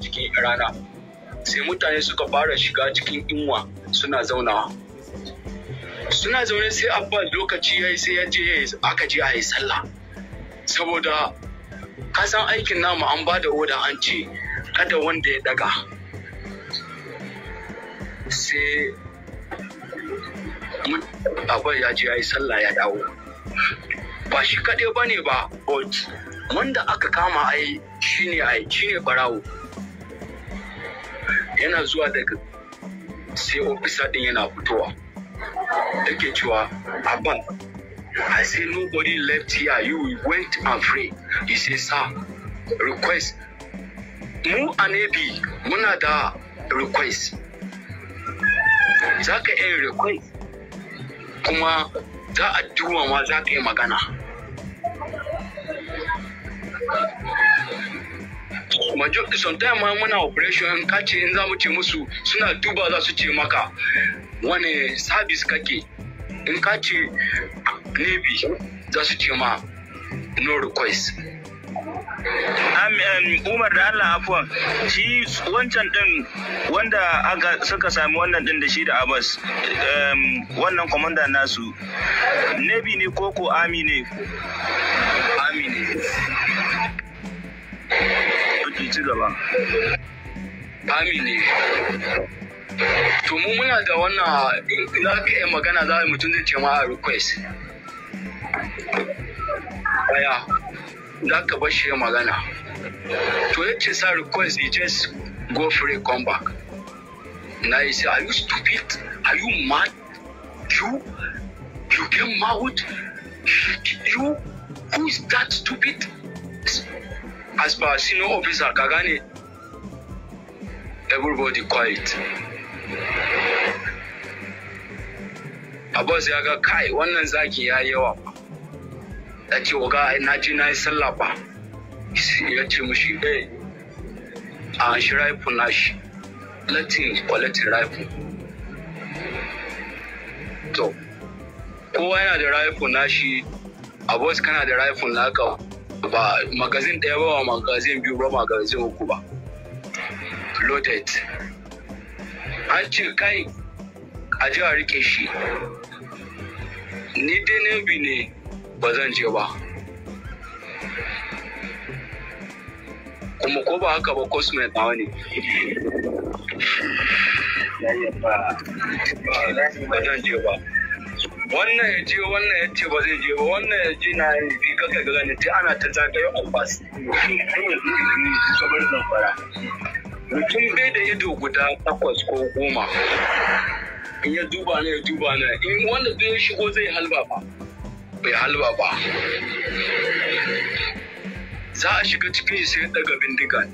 cikin rana sai mutane suka fara shiga cikin inwa suna zaunawa suna zaune sai abba lokaci ya yi sai ya je aka je a yi sallah saboda kasan aikin namu an ba da oda an ce kada wanda ya daga sai abba ya je ya yi sallah ya dawo ba shi kaɗai ba ne ba wanda aka kama ai ne ai ne barawo yana zuwa daga sai ofisa din yana fitowa take cewa abban I say nobody left here you went and free he say sir request mu a nebi muna da request za ka iya request kuma za a duwa ma za ka yi magana majo sometime ma muna operation ka ce in za mu ce musu suna duba za su ce maka wani service kake in ka ce navy za su ce ma no request umar da Allah afuwan shi wancan din wanda aka suka sami wannan din da shi da abbas wannan kwamanda nasu navy ne ko army ne ƙarfi ci gaba fami to mu muna da wannan in za ka yi magana za mutum zai ce ma a request aya za ka bar shi magana to ya ce sa request he just go for a come back na yi say are you stupid are you mad you you get mad you who is that stupid as per senior officer kagani everybody quiet abbas ya ga kai wannan zaki ya yawa ya ce waga na ji na yi sallah ba ya ce mushi eh a shi rifle na shi latin kwalatin rifle to kowa yana da rifle na shi abbas kana da rifle na ka ba magazin ɗaya ba magazin biyu ba magazin uku ba loaded an ce kai a ji a rike shi ni dai bi ne ba zan je ba kuma ko ba haka ba cosmet na wani. ba zan je ba wannan ya je wannan ya ce ba zai je ba wannan ya je na yi fi kaka ga gani ana ta zagaye a kamar zamfara mutum bai da ido guda takwas ko goma in ya duba na ya duba na in wanda zai shigo zai halba ba bai halba ba za a shiga cikin sai daga bindiga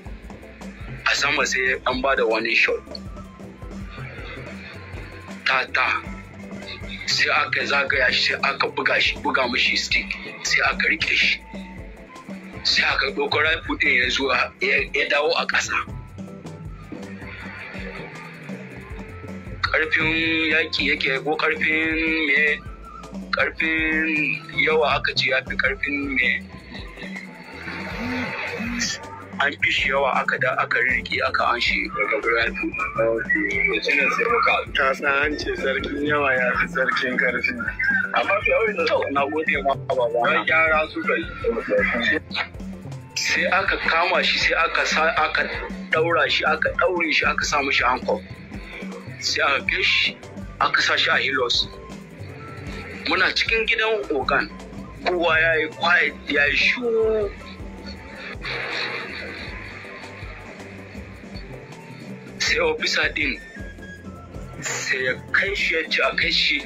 a sama sai an ba da wani shot ta ta sai aka zagaya shi sai aka buga shi buga mashi stick sai aka rike shi sai aka ɗauko rifle ɗin ya zuwa ya dawo a ƙasa ƙarfin yaƙi yake ko ƙarfin me ƙarfin yawa aka ce ya fi ƙarfin me an fi shi yawa aka da aka riki aka an shi daga guratu sai muka ta san ce sarkin yawa ya fi sarkin karfi amma fiye da na gode ma baba na gyara su bai sai aka kama shi sai aka sa aka daura shi aka daure shi aka sa mishi hankon sai aka kai shi aka sa shi a hilos muna cikin gidan ogan kowa ya yi quiet ya yi shu sai ofisa din sai ya kai shi ya ci a kai shi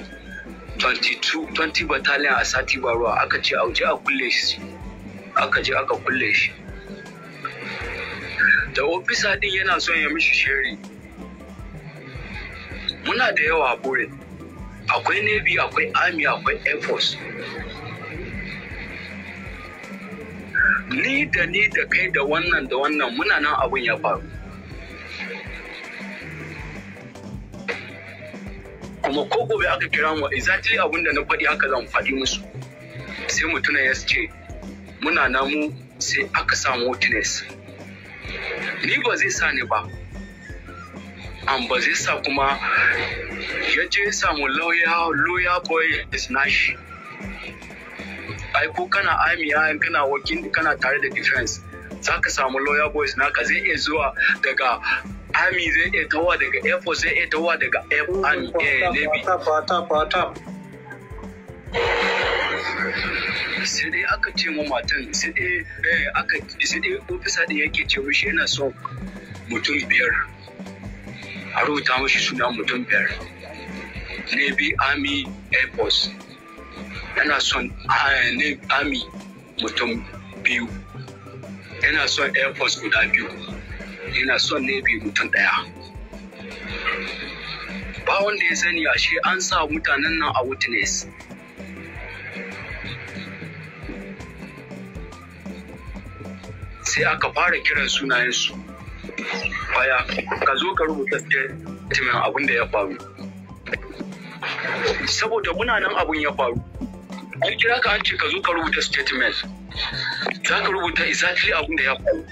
20 battalion a sati ba ruwa aka ce a wuce a kulle shi aka je aka kulle shi da ofisa din yana son ya mishi shiri muna da yawa burin akwai navy akwai army akwai air force ni da ni da kai da wannan da wannan muna nan abun ya faru kuma ko gobe aka kira mu exactly abin da na faɗi haka zan faɗi musu sai mutuna ya ce muna namu sai aka samu witness ni ba zai sa ni ba an ba zai sa kuma ya je ya samu lawyer lawyer boy is nashi ai ko kana amiya kana wakil kana tare da defense za ka samu lawyer boys naka zai iya zuwa daga army zai iya tawa daga air force zai iya tawa daga air army eh, navy sai dai aka ce ma matan sai dai eh, ofisa ɗin yake ce mishi yana so mutum biyar a rubuta mishi suna mutum biyar navy army air force yana son eh, army mutum biyu yana son air force guda biyu yana son ne bi mutum ɗaya ba wanda ya sani shi an sa mutanen nan a witness sai aka fara kiran sunayensu baya ka zo ka rubuta statement abin da ya faru saboda muna nan abin ya faru an kira ka an ce ka zo ka rubuta statement za ka rubuta exactly abin da ya faru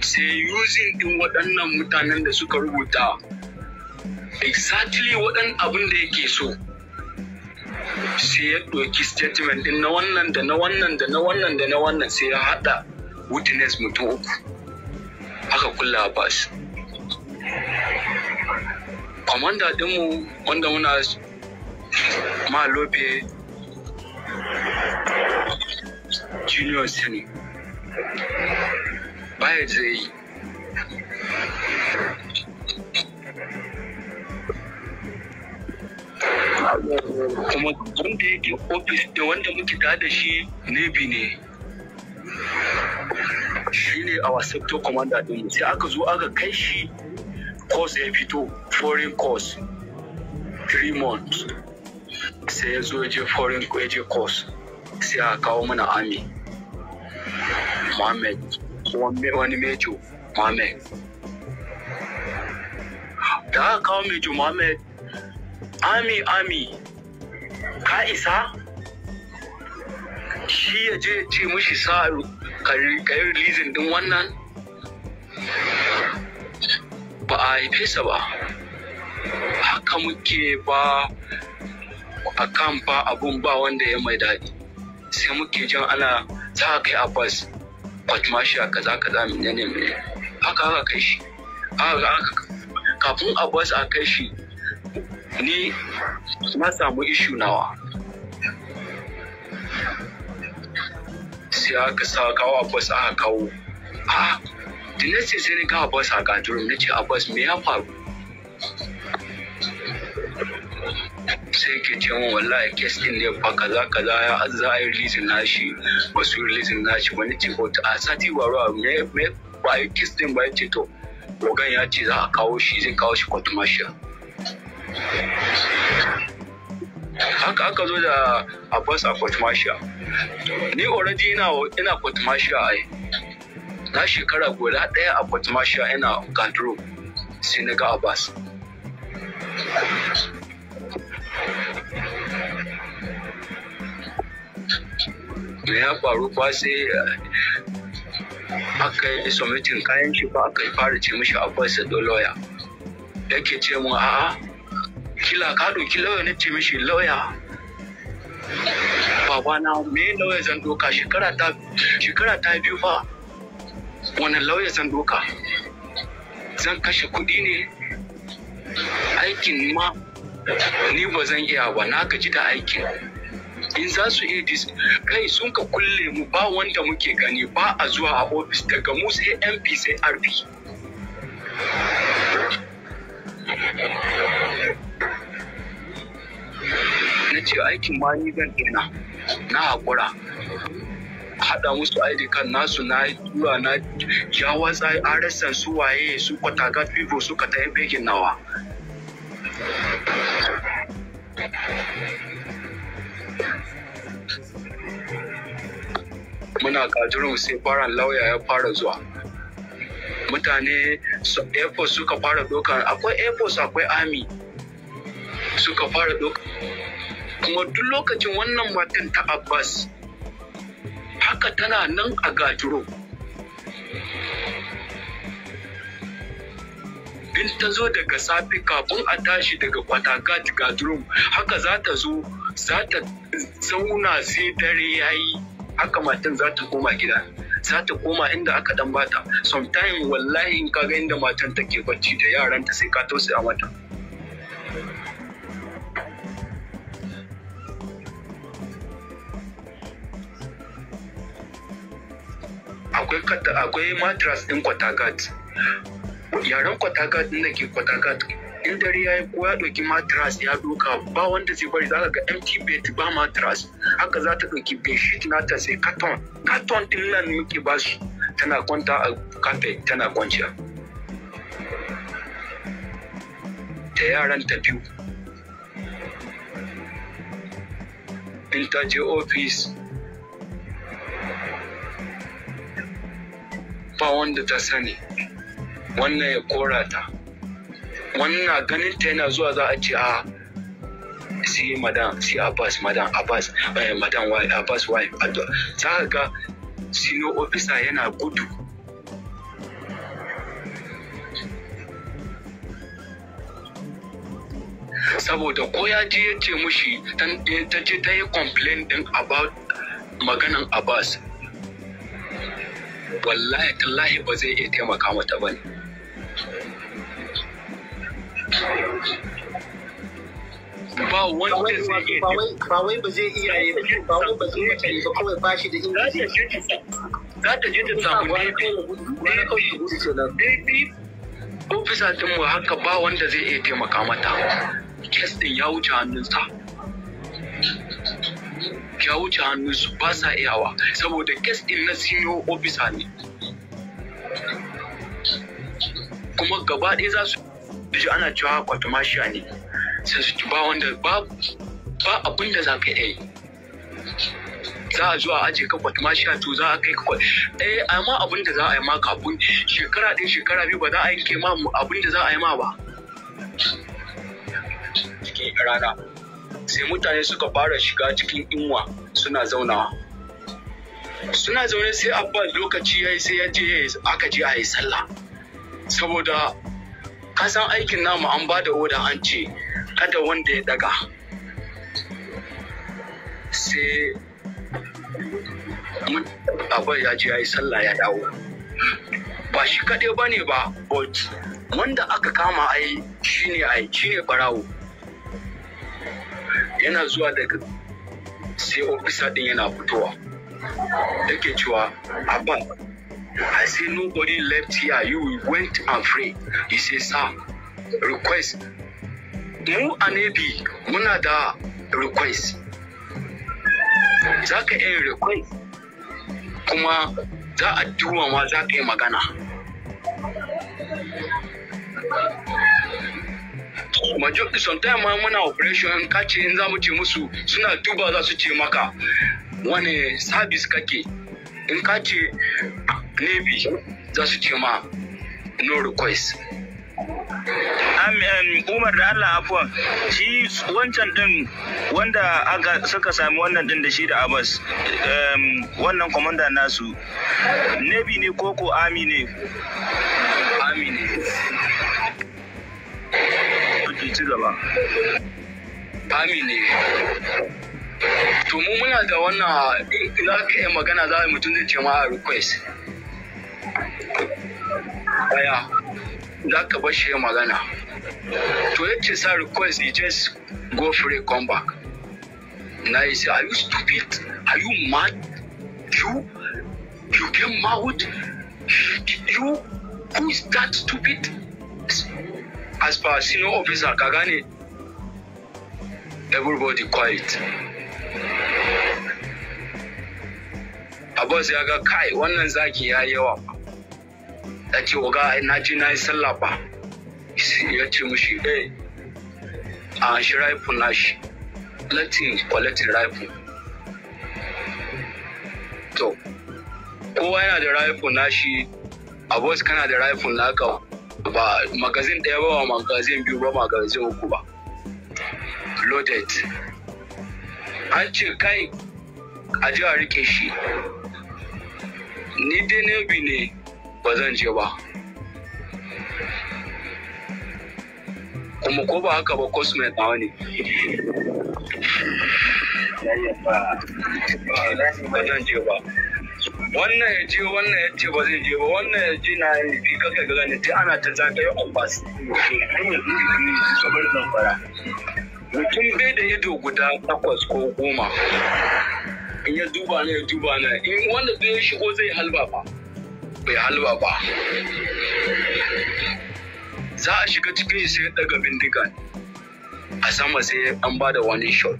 sai using din waɗannan mutanen da suka rubuta exactly waɗan abin da yake so sai ya ɗauki statement din na wannan da na wannan da na wannan da na wannan sai ya haɗa witness mutum uku haka kulla ba su kwamanda ɗinmu wanda muna ma lobe junior senior baya zai yi kuma wanda yake ofis da wanda muke tare da shi ne bi ne shi ne a sector commander din sai aka zo aka kai shi course ya fito foreign course three months sai ya zo ya je foreign course sai a kawo mana army Muhammad ko wani Mejo Mohammed. Da aka kawo Mejo Mohammed, Ami Ami, ka isa? Shi ya je ce mushi sa ka yi releasing din wannan? Ba a haife sa ba. Haka muke ba a kan ba abun ba wanda ya mai daɗi. Sai muke jan ana za kai bas. a kaza kaza menene menene haka haka kai shi haka haka kafin a bas a kai shi ni na samu ishu nawa sai aka sa kawo a bas aka kawo a ah, da sai sai ne kawo bas a gadurum na ce a bas me ya faru sai ke ce mu wallahi kes din ne fa kaza kaza ya za a yi releasing nashi ba su releasing nashi wani ce ko a sati ba ruwa me me ba yi kes din ba ya ce to ogan ya ce za a kawo shi zai kawo shi kwatu mashiya haka aka zo da abbas a kwatu mashiya ni already ina ina kwatu mashiya yi. na shekara guda ɗaya a kwatu mashiya ina gandro sai na ga abbas to ya faru ba sai eh, aka yi sumitin kayan shi ba aka fara ce mishi abbas da lawyer yake ce mu a, kila ka doki lawyer na ce mishi lawyer babana me lawyer zan doka shekara ta shekara ta biyu fa wani lawyer zan doka zan kashe kuɗi ne aikin ma ni ba zan iya ba na gaji da aikin in za su iya dis kai sun ka kulle mu ba wanda muke gani ba a zuwa a ofis daga mu sai mp sai rp na ce aikin mani zan ina na haƙura haɗa musu ID kan nasu na tura na ya watsa rasa su waye su kwataga fivo suka ta yi nawa muna kajirin sai faran lauya ya fara zuwa mutane airport suka fara doka akwai airport akwai army suka fara doka kuma duk lokacin wannan matan ta abbas haka tana nan a gajiro in ta zo daga safe kafin a tashi daga kwataka gajiro haka za ta zo za ta zauna sai dare ya yi haka matan za ta koma gida za ta koma inda aka dan bata sometimes wallahi in ka ga inda matan take bacci da yaranta sai ka tausaya mata akwai akwai matras din kwatagat yaren kwatagat din da ke kwatagat in dare ya yi ko ya ɗauki matras ya doka ba wanda zai bari zaka ga empty bed ba matras haka za ta ɗauki bedsheet ta sai katon katon din nan muke ba su tana kwanta a carpet tana kwanciya da yaran ta biyu in ta je ofis ba wanda ta sani wannan ya kora ta wannan ganin ta yana zuwa za a ce a ah, si madan si abbas madan abbas eh, madan wai abbas wai za ka ga sino officer yana gudu saboda ko ya je ya ce mushi eh, ta je ta yi complain din about maganan abbas wallahi tallahi ba zai iya taimaka mata ba ne ba wani wanda zai iya ba wai ba zai iya yi ba wai ba zai iya ba kawai ba shi da inda za ta je ta samu daidai ofisa mu haka ba wanda zai iya taimaka mata kes din ya wuce hannunsa ya wuce hannunsu ba sa iyawa saboda kes din na senior officer ne kuma gaba ɗaya za su ji ana cewa kwatumashiya ne sai su ba wanda ba ba abin da za ka yi za a zuwa aje ka kwat ma sha to za a kai ka kwat eh amma abin da za a yi ma kafin shekara ɗin shekara biyu ba za a yanke ma abin da za a yi ma ba cikin rana sai mutane suka fara shiga cikin inwa suna zaunawa suna zaune sai abba lokaci ya yi sai ya je aka je a yi sallah saboda kasan aikin namu an ba da oda an ce kada wanda ya daga sai abai ya je ya yi sallah ya dawo ba shi kaɗai ba ne ba but wanda aka kama ai shine ai shine barawo yana zuwa daga sai ofisa din yana fitowa ke cewa abba I say nobody left here. You went and free. He says, sir, request mu a nebi muna da request za ka yi request kuma za a duwa ma za ka yi magana majority sometimes ma muna operation ka ce in za mu ce musu suna duba za su ce maka wani service kake in ka ce navy za su ce ma no request umar da allah afuwan shi wancan din wanda aka suka sami wannan din da shi da abbas wannan kwamanda nasu nebi ne koko ami ne ami ne ci gaba ami ne to mu muna da wannan za ka yi magana za mutum zai ce ma a request za bar shi magana to ya sa request he just go free come back Now he say are you stupid are you mad you you came out you who is that stupid as per senior officer Kagani. everybody quiet abbas ya ga kai wannan zaki ya yawa ya ce ga na ji na yi sallah ba ya ce mushi ɗaya. Eh, a shi rifle na shi latin kwalatin rifle to kowa yana da rifle na shi a boss kana da rifle na ka ba magazin ɗaya ba ba magazin biyu ba magazin uku ba loaded an ce kai a ji a rike shi ni dai ne ne ba zan je ba kuma ko ba haka ba mai nawa ne ba zan je ba wannan ya je wannan ya ce ba zai je ba wannan ya je na yi fi kaka ga ne, ta ana ta yi ambas mutum bai da ido guda takwas ko goma in ya duba na ya duba na in wanda zai shigo zai halba ba bai halba ba za a shiga cikin sai daga bindiga. a sama sai an ba da wani shot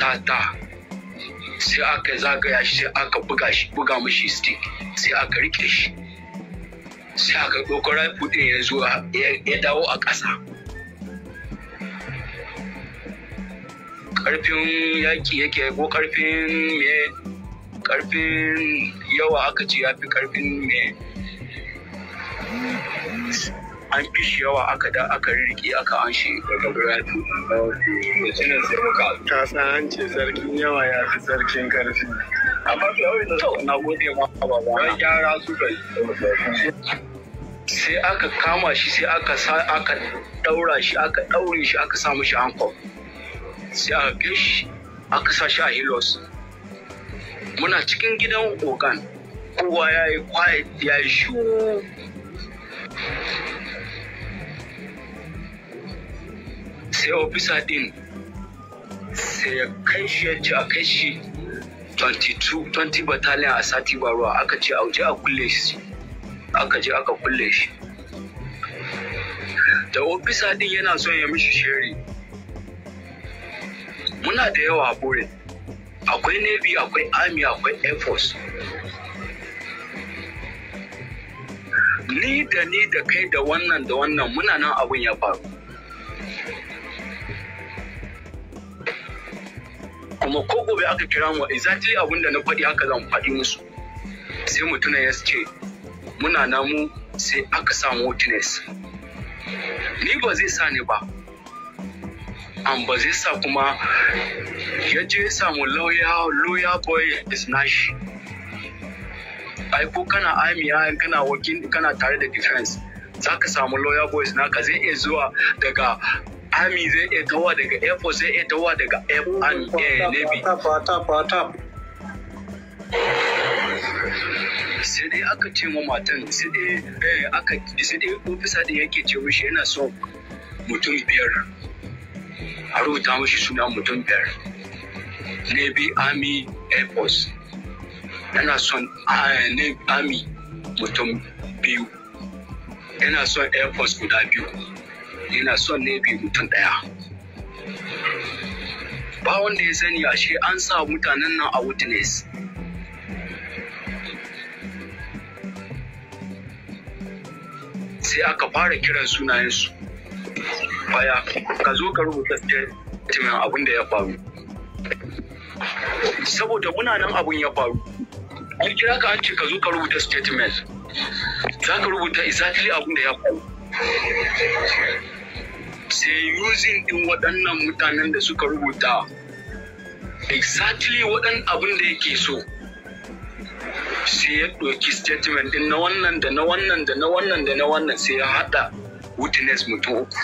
ta ta sai aka zagaya shi sai aka buga shi buga mashi stick sai aka rike shi sai aka ɗauko rifle ɗin ya zo ya dawo a ƙasa ƙarfin yaƙi yake ko ƙarfin me karfin yawa aka ce ya fi karfin ne an fi shi yawa aka da aka rirki aka an shi daga buratu da burafi ta san ce sarkin yawa ya fi sarkin karfi amma fi yawai da na gode ma ba ba ya gyara su kai sai aka kama shi sai aka sa aka daura shi aka daure shi aka sa mishi hankon sai aka kai shi aka sa shi a hilos muna cikin gidan ogan kowa ya yi quiet ya yi shu sai ofisa din sai ya kai shi ya ce a kai shi 22 a sati ba ruwa aka ce auje a kulle shi aka je aka kulle shi da ofisa din yana son ya mishi shiri muna da yawa a burin akwai navy akwai army akwai air force ni da ni da kai da wannan da wannan muna nan abun ya faru kuma ko gobe aka kira mu exactly abun da na faɗi aka zan faɗi musu sai mutunan ya ce muna namu sai aka samu witness ni ba zai sa ni ba ambazi sa kuma ya je samu lawyer lawyer boy is nashi ai ko kana amiya kana wakil kana tare da defense za ka samu lawyer boys naka zai iya zuwa daga army zai iya tawa daga air force zai iya tawa daga air and eh, navy sai dai aka ce ma matan sai dai eh, aka sai dai ofisa din yake ce mishi yana son mutum biyar a rubuta mashi suna mutum biyar navy army air force yana son army mutum biyu yana son air force guda biyu yana son navy mutum daya ba wanda ya sani ashe an sa mutanen nan a witness sai aka fara kiran sunayensu baya ka zo ka rubuta statement abin da ya faru saboda muna nan abin ya faru an kira ka an ce ka zo ka rubuta statement za ka rubuta exactly abin da ya faru sai using din waɗannan mutanen da suka rubuta exactly waɗan abin da yake so sai ya ɗauki statement din na wannan da na wannan da na wannan da na wannan sai ya haɗa witness mutum uku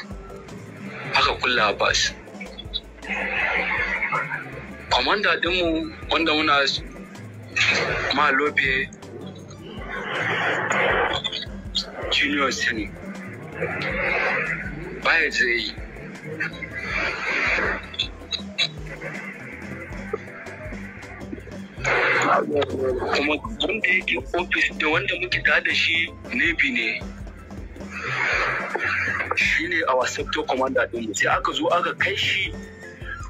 haka kulla bas kwamanda dinmu wanda muna ma lobe junior sani baya zai yi kuma wanda yake ofis da wanda muke da shi nebi ne shine our sector commander din sai aka zo aka kai shi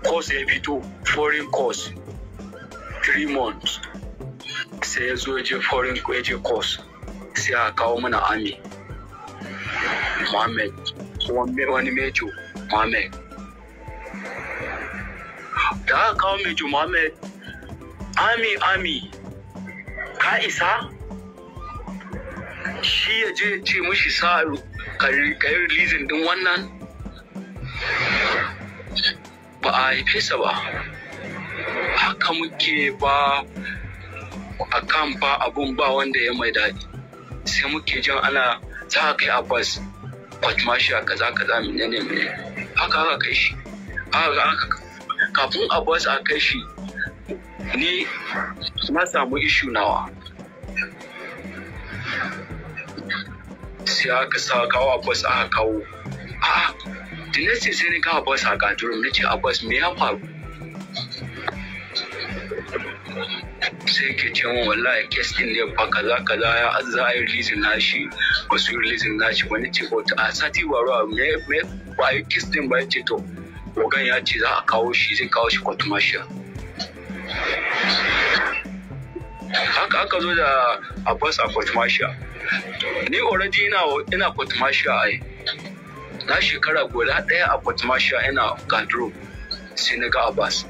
course ya fito foreign course three months sai ya zo je foreign je course sai a kawo mana ami Mohammed wani mejo Mohammed da aka kawo mejo Mohammed ami ami ka isa shi ya je ce mashi sa ka yi releasing din wannan ba a haife sa ba haka muke ba a kan ba abun ba wanda ya mai daɗi sai muke jan ana za ka kai abbas a kaza kaza menene ne haka haka kai shi haka haka kafin abbas a kai shi ni na samu ishu nawa sai aka sa kawo abbas aka kawo a the next day sai ni kawo abbas a gadurum na ce abbas me ya faru sai ke ce mun wallahi kes din ne fa kaza kaza ya za a yi na nashi ba su yi shi nashi wani ce ko a sati ba ruwa me me ba yi kes din ba ya ce to ogan ya ce za a kawo shi zai kawo shi kwatu mashiya haka aka zo da abbas a kwatu mashiya ni already ina ina kwatmashiya ai na shekara guda ɗaya a kwatmashiya ina gandro sai na ga abbas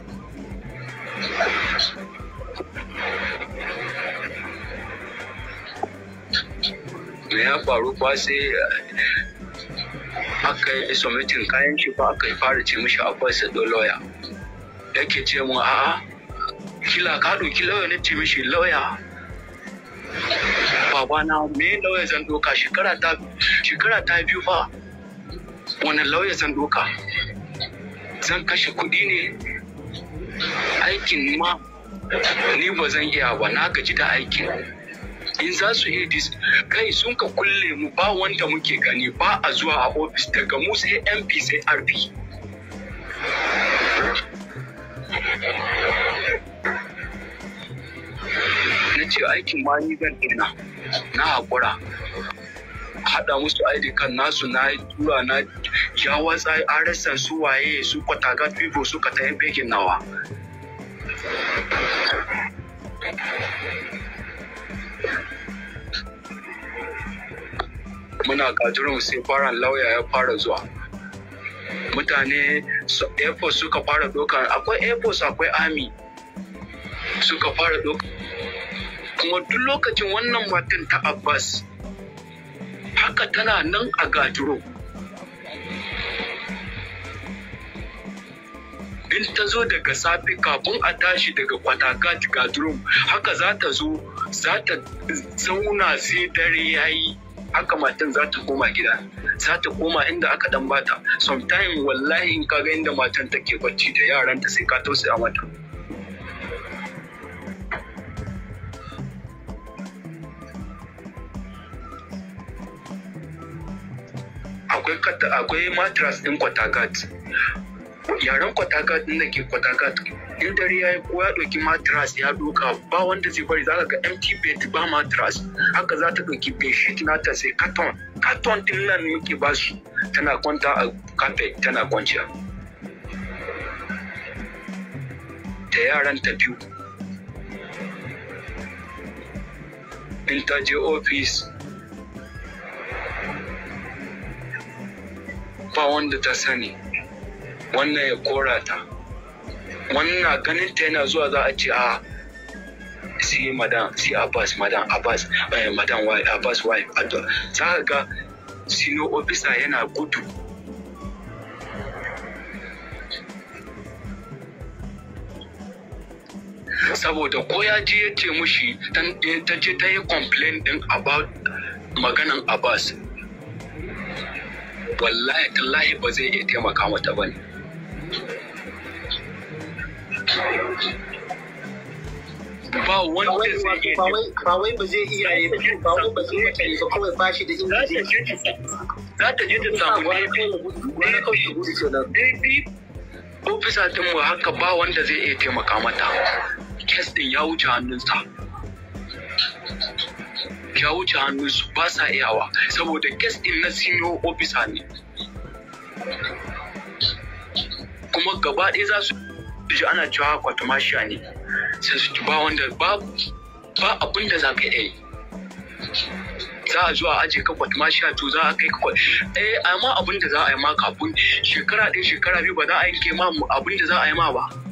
me ya faru ba sai eh, aka yi submitin kayan shi ba aka yi fara ce mishi akwai sado lawyer yake ce mu a'a kila ka ɗauki lawyer na ce mishi lawyer babana me lauya zan doka shekara ta shekara ta biyu fa wani lauya zan doka zan kashe kuɗi ne aikin ma ni ba zan iya ba na gaji da aikin in za su yi dis kai sun ka kulle mu ba wanda muke gani ba a zuwa a ofis daga mu sai mp sai rp na ce aikin mani ni zan na haƙura haɗa musu ID kan nasu na tura na ya watsa rasa su waye su kwataga people suka ta yin bekin nawa muna gajirin sai faran lauya ya fara zuwa mutane airport suka fara dokan akwai airport akwai army suka fara dokan kuma duk lokacin wannan matan ta abbas haka tana nan a gajiro in ta zo daga safe kafin a tashi daga kwataka gajiro haka za ta zo za ta zauna sai dare ya yi haka matan za ta koma gida za ta koma inda aka dan bata sometimes wallahi in ka ga inda matan take bacci da yaranta sai ka tausaya mata akwai matras ɗin kwatagat, yaren kwatagat ɗin da ke kwatagat in dare ya yi ko ya ɗauki matras ya ɗauka ba wanda zai bari za ka ga empty bed ba matras haka za ta ɗauki bedsheet na ta sai katon carton ɗin nan muke ba su tana kwanta a carpet tana kwanciya da yaran ta biyu in ta je ofis ba wanda ta sani wannan ya kora ta wannan ganin ta yana zuwa za a ce a ah, si madan si abbas madan abbas eh, madan wife abbas wife ta ga sino officer yana gudu saboda ko ya je ya ce mushi ta ce ta yi complain din about maganan abbas wallahi tallahi ba zai iya taimaka mata ba ne ba wani wanda zai iya ba wai ba zai iya yi ba wai ba zai iya ba kawai ba shi da inda zai za ta je ta samu daidai ofisa din mu haka ba wanda zai iya taimaka mata kes din ya wuce hannunsa ya wuce hannun su ba sa iyawa saboda kes din na senior officer ne kuma gaba ɗaya za su ji ana cewa kwatamashiya ne sai su ba wanda ba ba abin da za ka yi za a zuwa aje ka kwatmashiya to za a kai ka kwat eh amma abin da za a yi ma kafin shekara ɗin shekara biyu ba za a yi ke ma abin da za a yi ma ba